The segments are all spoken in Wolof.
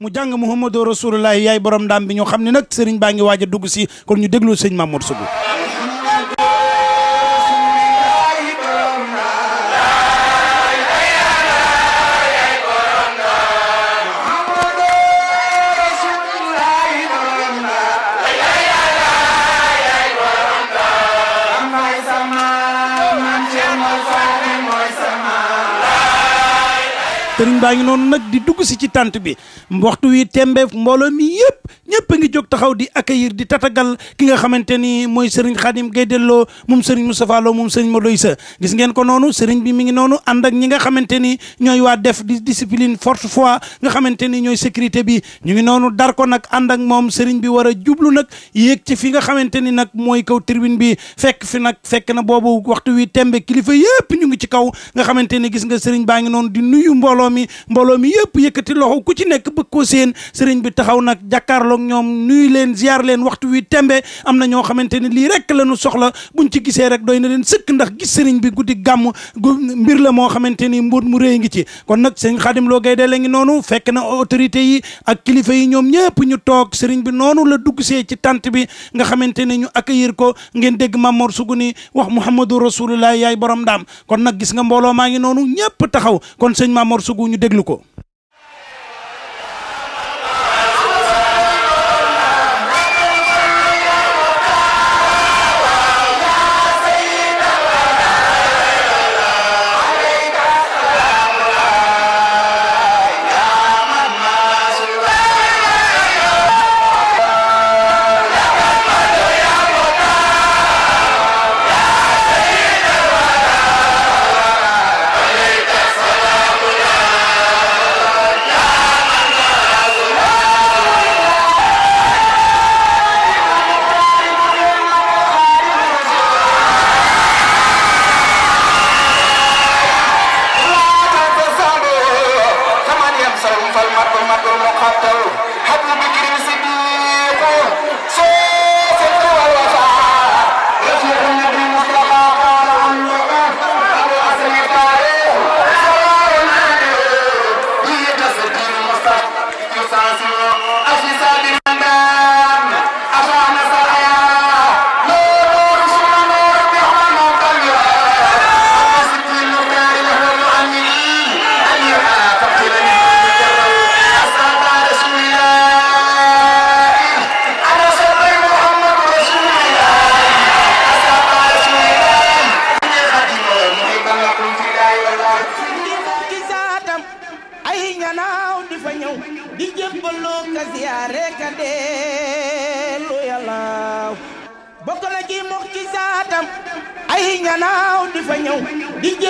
mu jàng Muhammadu Rasulullahi yaay borom ndam bi ñu xam ne nag sëriñ baa ngi waaja dugg si kon ñu déglu sëñ Mamour Sougou Sering baa ngi noonu nag di dugg ci ci tante bi waxtu wi tembe mbolo mi yep ñëpp ngi jog taxaw di accueillir di tatagal ki nga xamanteni moy serigne khadim Xaadim mum Lo mustapha Lo mum serigne modoyse gis ngeen ko nonu serigne bi mi ngi nonu and ak ñi nga xamanteni ñoy wa def di discipline force foi nga xamanteni ñoy sécurité bi ñu ngi nonu dar ko nak and ak mom serigne bi wara jublu nak yek ci fi nga xamanteni nak moy kaw tribune bi fekk fi nak fekk na bobu waxtu wi tembe kilifa yep ñu ngi ci kaw nga xamanteni gis nga serigne ngi di nuyu mbolo mbooloo mi mbooloo mi yëpp yëkkati loxo ku ci nekk bëgg koo seen sëriñ bi taxaw nag jàkkaarloog ñoom nuyu leen ziar leen waxtu wi tembe am na ñoo xamante ni lii rek la ñu soxla buñ ci gisee rek doy na leen sëkk ndax gis sëriñ bi guddi gàmm gu mbir la moo xamante ni mbóot mu réy ngi ci kon nag sëriñ Xaadim Lo Gaydel la ngi noonu fekk na autorité yi ak kilifa yi ñoom ñëpp ñu toog sëriñ bi noonu la dugg see ci tant bi nga xamante ne ñu accueillir ko ngeen dégg Mamor Suguni wax Muhammadu Rasulullah yaay borom daam kon nag gis nga mbooloo maa ngi noonu googu ñu déglu ko.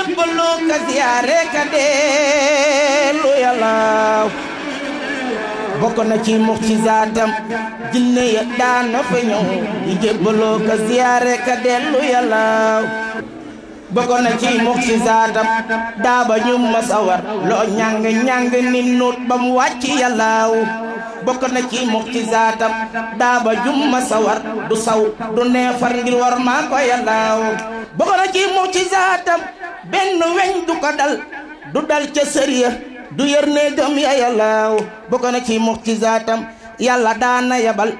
jébbaloo ka siyaare na ci muxtisaatam jinne ya daan na fa ñëw di jébbaloo dellu yàlla bokk na ci muxtisaatam daaba ñu masawar loo ñàng ñàng ni nuut ba mu bokk na ci muxtisaatam daaba jumma sawar du saw du neefar ngir war maa ko yallaaw bokk na ci muxtisaatam benn weñ du ko dal du dal ca du yër néegam ya yallaaw bokk na ci muxtisaatam yàlla daana yabal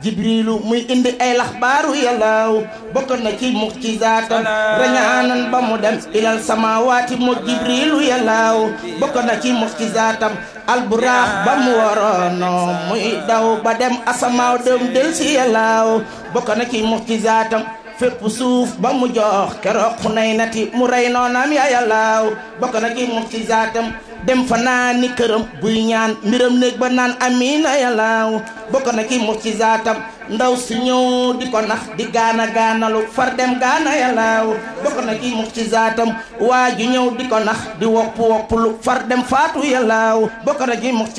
jibrilu muy indi ay laxbaaru yàllaaw bokkoon na ci mucjizaatam rañaanan ba mu dem ilal samawaati mu jibrilu yàllaaw bokkoon na ci mucjizaatam alburaax ba mu warono muy daw ba dem asamaaw dem del si yàllaaw bokk na ci mucjizaatam fépp suuf ba mu jox keroog xunay nati mu rey noonam ya yàllaaw bokk na ci mucjizaatam dem fa naani këram buy ñaan mbiram néeg ba naan amina yàllaaw bokk na ki mos ci zaatam ndaw si ñëw di ko nax di gaana gaanalu far dem gaana yàllaaw bokk na ki mos ci zaatam waa ju ñëw ko nax di wopp woppulu far dem faatu yàllaaw bokk na ki mos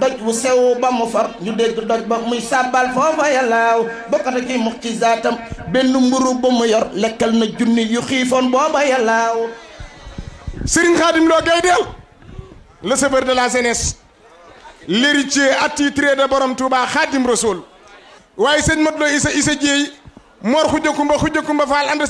doj wu sew ba mu far ñu dégg doj ba muy sàbbal foofa yàllaaw bokk na ci mux ci mburu ba mu yor lekkal na junni yu xiifoon booba yàllaaw sëriñ xaadim loo gay deel le sauveur de la jeunesse l'héritier attitré de borom Touba Khadim Rasoul waye seigne modlo isa isa djey Mor Khoudia Koumba fal Koumba Fall ànd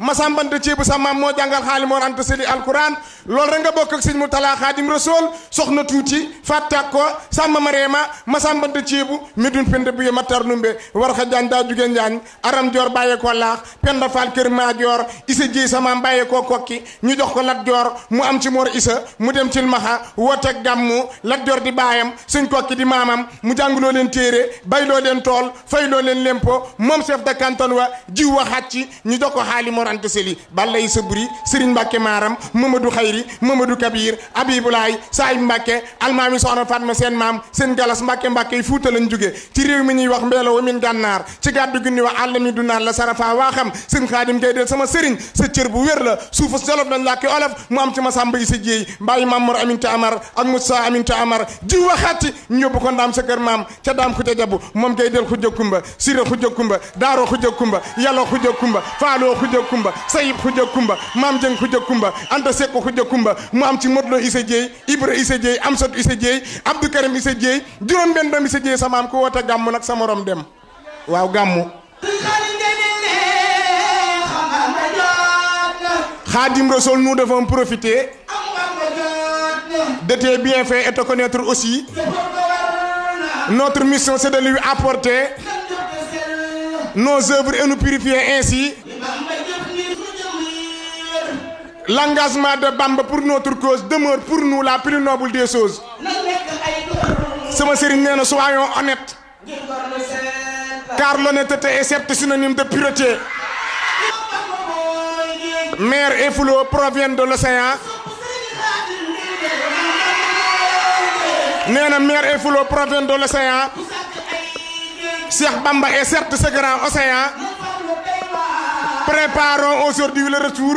masambante ceebu sa maam moo jàngal xaali moor anta seli alquran loolu rek nga bokk ak sëñ mu talaa xaadim rasool soxna tuuti fàttak ko sàmma mareema masambante ceebu medun pende bu ye mattar numbe war xa jaan daa juge njaañ aram joor bàyyee ko laax penda faal kër maa joor isa jéy sa maam bàyyee ko kokki ñu jox ko lat joor mu am ci moor isa mu dem ci maxa woote gàmmu lat joor di baayam sëñ kokki di maamam mu jàngloo leen téere bayloo leen tool fayloo leen lempo moom chef de canton wa jiw wa xàcc ñu jox ko xaali moor Anta Seli Ballay Saburi Serigne Mbacke Maram Mamadou Xayri Mamadou Kabir Abibulaay Saayib Mbacke almaami soxna Fatma seen maam seen galas Mbacke Mbacke yi Fuuta lañ jóge ci réew mi ñuy wax mbeelo wa min gànnaar ci gàddu gi ñuy wax àll mi du naan la sarafa waa xam seen xaadim ngay del sama sëriñ sa cër bu wér la a jolof dañ làkki olof mu am ci ma sàmba yi sa jéey mbàyyi Mamour Aminta Amar ak Moussa Aminta Amar ji waxaati ñu yóbbu ko ndaam sa kër maam ca daam ku ca jabu moom ngay del xujja kumba sira xujja kumba daaro xujja kumba yàlla xujja kumba faaloo xujja kumba Kumba Sayib Khoudia Kumba Maam Dieng Khoudia Kumba Anta Seko Khoudia Kumba mu am ci Ibra Issa Dieye Amsatou Issa Dieye Abdou Karim Issa Dieye juróom benn doom sa dem Khadim Rassoul nous devons profiter de tes bienfaits et te connaître aussi notre mission c'est de lui apporter nos œuvres et nous purifier ainsi L'engagement de Bamba pour notre cause demeure pour nous la plus noble des choses. sama sëriñ soyons honnêtes. car l'honnêteté est certes synonyme de pureté. Mère et Foulot proviennent de l'océan. Mère et Foulot proviennent de l'océan. Cheikh Bamba est certes ce grand océan. préparons aujourd'hui le retour.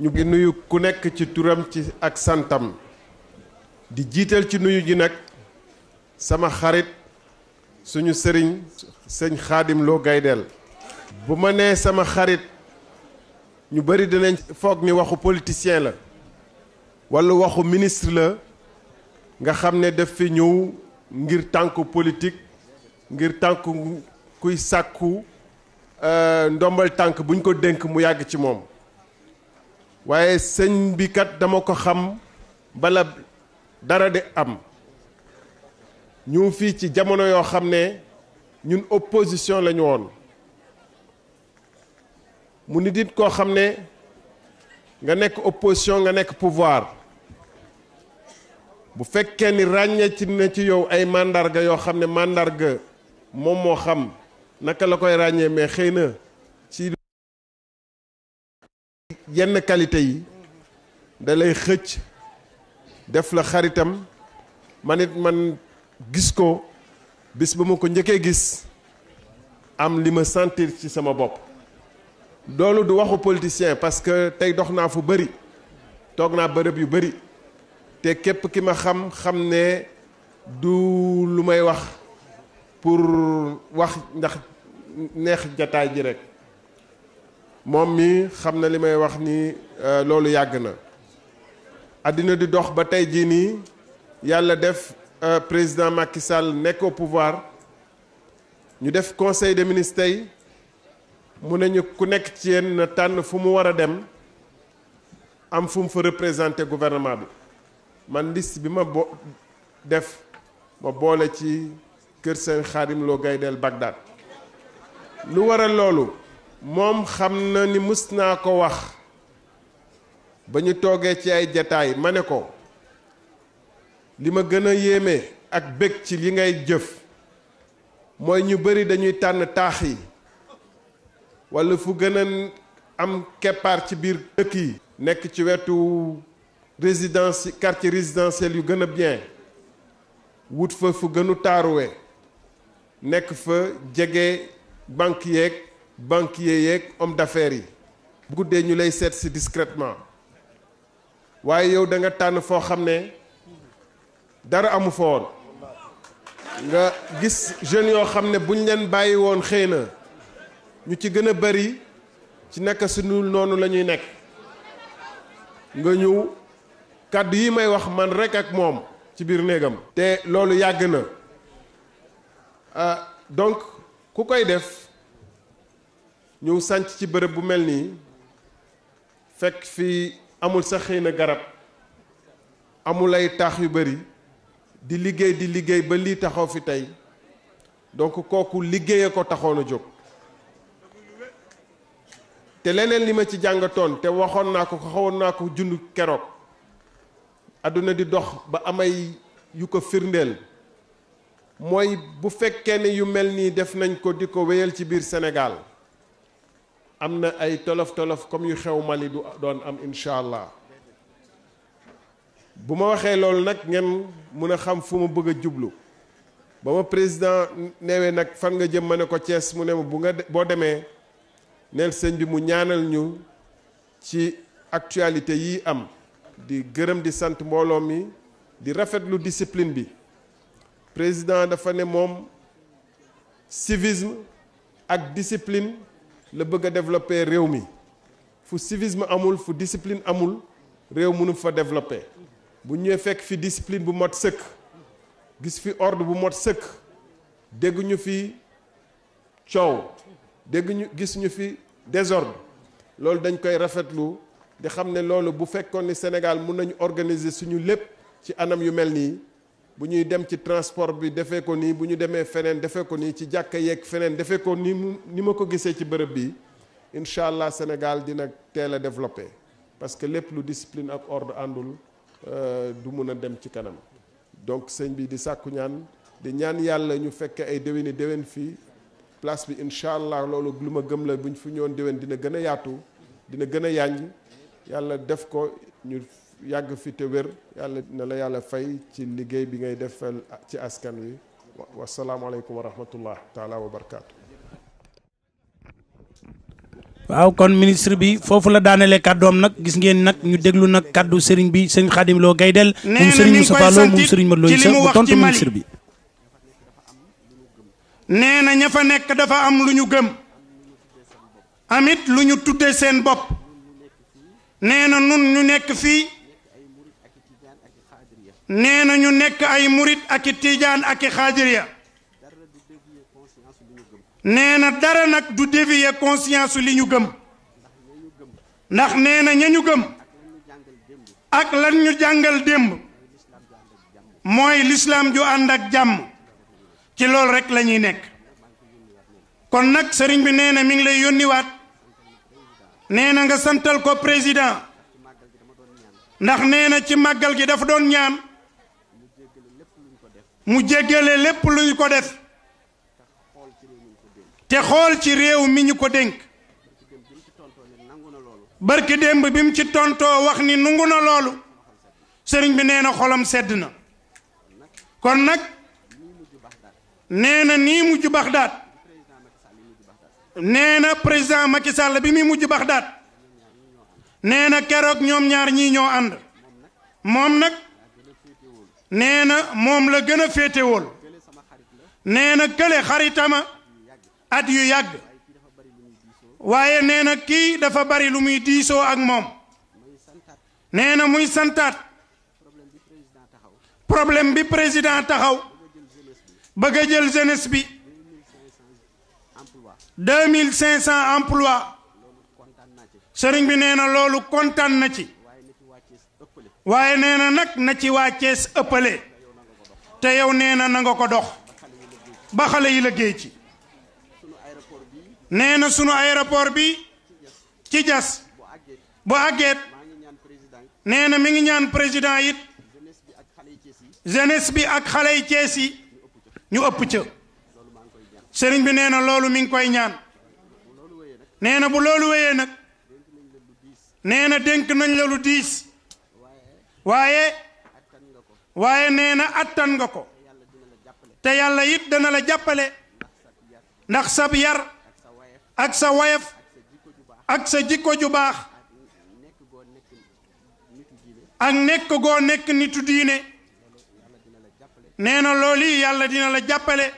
ñu ngi nuyu ku nekk ci turam ci ak santam di jiital ci nuyu gi nag sama xarit suñu sëriñ sëñ xaadim loo gaydeel bu ma nee sama xarit ñu bëri dinañ foog ni waxu politicien la walla waxu ministre la nga xam ne def fi ñëw ngir tànku politique ngir tànku kuy sàkku euh, ndombal tànk buñ ko dénk mu yàgg ci moom waaye sëñ bi kat dama ko xam bala dara di am ñu fii ci jamono yoo xam ne ñun opposition lañu woon mu nit koo xam ne nga nekk opposition nga nekk pouvoir bu fekkee ni ràññee ci na ci yow ay màndarga yoo xam ne màndarga moom moo xam naka la koy ràññee mais xëy na yenn qualité yi da lay xëcc def la xaritam man it man gis ko bis ba ma ko njëkkee gis am li ma sentir ci sama bopp loolu du waxu politicien parce que tey dox naa fu bëri toog naa bërëb yu bëri te képp ki ma xam xam ne du lu may wax pour wax ndax neex jataay ji rek moom mi xam na li may wax ni euh, loolu yàgg na àddina di dox ba tey jii nii yàlla def euh, président Macky Sall nekk au ñu def conseil de ministres tey mu ne ñu ku nekk ci yéen na tànn fu mu war a dem am fu mu fa représenter gouvernement bi man liste bi ma bo def ma boole ci kër seen xaarim loo gaydeel Bagdad lu waral loolu moom xam na ni mës naa ko wax ba ñu toogee ci ay jataay ma ne ko li ma gën a yéeme ak bég ci li ngay jëf mooy ñu bari dañuy tànn taax yi walla fu gën a am keppaar ci biir dëkk yi nekk ci wetu résidence quartier résidentiel yu gën a bien wut fa fu gënu taaruwe nekk fa jege banque yeeg banquier yeeg homme d'affaires yi bu guddee ñu lay seet si discrètement waaye yow danga tànn foo xam ne dara amu fa woon nga gis jeunes yoo xam ne buñ leen bàyyi woon xëy na ñu ci gën a bari ci naka nu noonu la ñuy nekk nga ñëw kàddu yi may wax man rekk ak moom ci biir néegam te loolu yàgg na ah donc ku koy def ñëw sànc ci bërëb bu mel nii fekk fii amul sa xëy na garab amul ay taax yu bari di liggéey di liggéey ba lii taxaw fi tey donc kooku liggéey a ko taxoon a jóg te leneen li ma ci jàngatoon te waxoon naa ko xawoon naa ko jund keroog àdduna di dox ba amay yu ko firndeel mooy bu fekkee ne yu mel nii def nañ ko di ko wéyal ci biir senegaal am na ay tolof tolof comme yu xew Mali du doon am incha allah bu ma waxee loolu nag ngeen mun a xam fu ma bëgg jublu ba ma président neewee nag fan nga jëm ma ne ko Thiès mu ne ma bu nga boo demee neel sëñ bi mu ñaanal ñu ci actualité yi am di gërëm di sant mbooloo mi di rafetlu disipline bi président dafa ne moom civisme ak disipline Le bëgg développer réew mi fu civisme amul fu discipline amul réew mënu fa développer bu ñëwee fekk fi discipline bu mot sëkk gis fi ordre bu mot sëkk dégg ñu fi coow dégg ñu gis ñu fi désordre loolu dañ koy rafetlu di xam ne loolu bu fekkoon ni Sénégal mën nañu organiser suñu lépp ci anam yu mel nii bu ñuy dem ci transport bi defee ko nii bu ñu demee feneen defee ko nii ci jàkka yeeg feneen ni ni ma ko ci bërëb bi incha Sénégal dina teel a développé parce que lépp lu discipline ak ordre àndul euh, du mun a dem ci kanam donc sëñ bi di sàkku ñaan di ñaan yàlla ñu fekke ay déwéni déwén fii place bi incha allah loolu lu ma gëm la buñ fu ñëwoon déwén dina gën a dina gën a yàññ yàlla def ko ñu. yàgg fi te wér yàlla na la yàlla fay ci liggéey bi ngay def ci askan wi wa rahmatullah taala wa barakaatu. waaw kon ministre bi foofu la daanelee kàddoom nag gis ngeen nag ñu déglu nag kàddu sëriñ bi sëriñ Xaadim Lo Gaydel moom sëriñ Moustapha Lo moom sëriñ Modou Lo Issa bu tontu ministre bi na ña fa nekk dafa am lu ñu gëm amit lu ñu tudde seen bopp nee nun ñu nekk fii nee na ñu nekk ay murit ak i tiijaan ak i xaajiriya nee na dara nag du dévier conscience li ñu gëm ndax nee na ña ñu gëm ak lan ñu jàngal démb mooy lislaam ju ànd ak jàmm ci loolu rek la ñuy nekk kon nag sëriñ bi nee na mi ngi lay yónniwaat nee na nga santal ko président ndax nee na ci màggal gi dafa doon ñaan mu jéggale lépp luñ ko def te xool ci réew mi ñu ko dénk barki démb bi mu ci tontoo wax ni nungu na loolu sëriñ bi nee na xolam sedd na kon nag nee na nii mujj Baxdaad nee na président Macky Sall bi muy mujj Baxdaad nee na keroog ñoom ñaar ñii ñoo ànd moom nag Nena Mom moom la gën a féetewool nee na kële xaritama at yu yàgg waaye nee na dafa bari lu muy problème bi président taxaw bëgg jël jeunesse bi emploi waaye nee na nag na ci waa Cees ëppale te yow nee na na nga ko dox ba xale yi liggéey ci nee na sunu aéroport bi ci jas bu àggeet nee na mi ngi ñaan président it jeunesse bi ak xale yi Cees yi ñu ëpp ca sëriñ bi nee na loolu mi ngi koy ñaan nee na bu loolu wéyee nag nee na dénk nañ la lu diis waaye waaye nee na attan nga ko te yàlla it dana la jàppale ndax sab yar ak sa wayef ak sa jikko ju baax ak nekk goo nekk nitu diine nee na looli yi dina la jàppale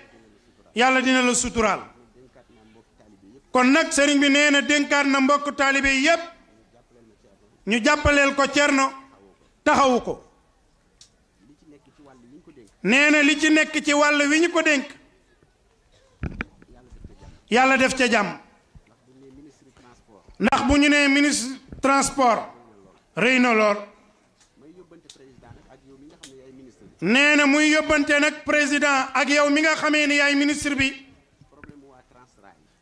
yàlla dina la suturaal kon nag sëriñ bi nee na dénkaat na mbokk taalibe yépp ñu jàppaleel ko cer cerno taxaw ko nee na li ci nekk ci wàll wi ñu ko dénk yàlla def ca jàmm ndax bu ñu nee ministre transport rëy na lool nee na muy yóbbante nag président ak yow mi nga xamee ni yaay ministre bi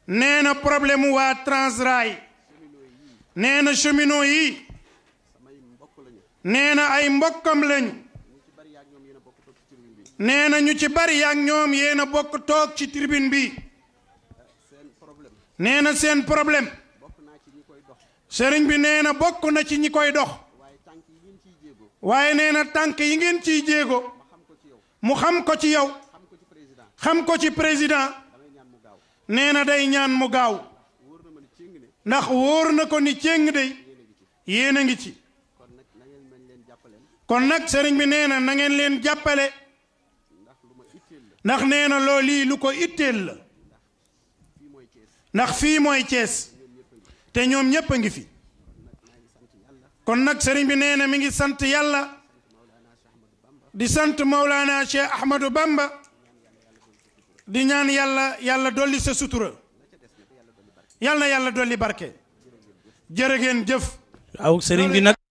nee na problème waa Transrail nee na cheminot yi nee na ay mbokkam lañu nee na ñu ci bari yaak ñoom yéen a bokk toog ci tribune bi nee na seen problème sëriñ bi nee na bokk na ci ñi koy dox waaye nee na tànk yi ngeen ciy jéego mu xam ko ci yow xam ko ci président nee na day ñaan mu gaaw ndax wóor na ko ni céng day yéen a ngi ci kon sering sëriñ bi nee na na ngeen leen jàppale ndax nee na loo lii lu ko itteel la ndax fii mooy te ngi fi kon nag sëriñ bi nee na mi ngi sant yàlla di sant Maulana Cheikh Ahmadou Bamba di ñaan yalla yàlla dolli sa sutura yalla dolli barke Jerigen Jeff. jëf waaw sëriñ bi